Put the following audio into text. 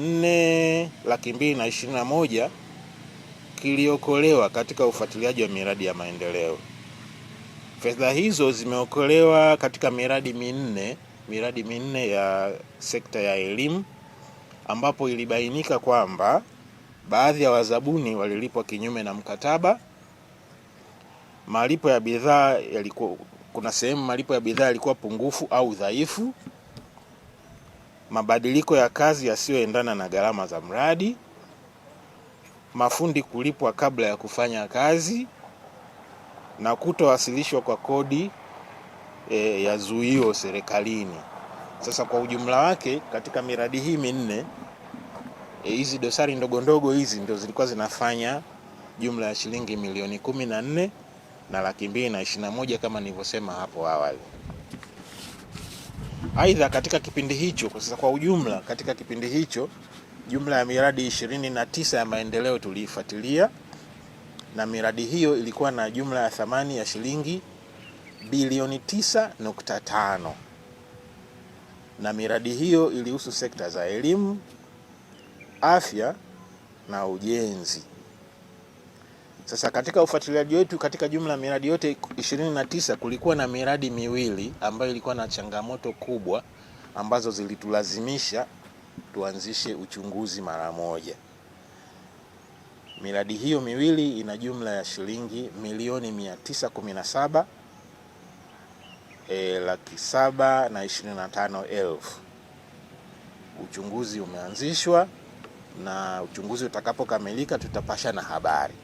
nne laki mbili na ishirini na moja kiliokolewa katika ufuatiliaji wa miradi ya maendeleo. Fedha hizo zimeokolewa katika miradi minne miradi minne ya sekta ya elimu ambapo ilibainika kwamba baadhi ya wazabuni walilipwa kinyume na mkataba. Malipo ya bidhaa yalikuwa, kuna sehemu malipo ya bidhaa yalikuwa pungufu au dhaifu mabadiliko ya kazi yasiyoendana na gharama za mradi, mafundi kulipwa kabla ya kufanya kazi na kutowasilishwa kwa kodi e, ya zuio serikalini. Sasa kwa ujumla wake katika miradi hii minne e, hizi e, dosari ndogo ndogo hizi ndio zilikuwa zinafanya jumla ya shilingi milioni kumi na nne na laki mbili na ishirini na moja kama nilivyosema hapo awali. Aidha, katika kipindi hicho kwa sasa, kwa ujumla, katika kipindi hicho jumla ya miradi ishirini na tisa ya maendeleo tuliifuatilia na miradi hiyo ilikuwa na jumla ya thamani ya shilingi bilioni 9.5 na miradi hiyo ilihusu sekta za elimu, afya na ujenzi. Sasa katika ufuatiliaji wetu katika jumla ya miradi yote 29 kulikuwa na miradi miwili ambayo ilikuwa na changamoto kubwa ambazo zilitulazimisha tuanzishe uchunguzi mara moja. Miradi hiyo miwili ina jumla ya shilingi milioni 917 e, eh, laki saba na 25 elfu. Uchunguzi umeanzishwa na uchunguzi utakapokamilika tutapasha na habari.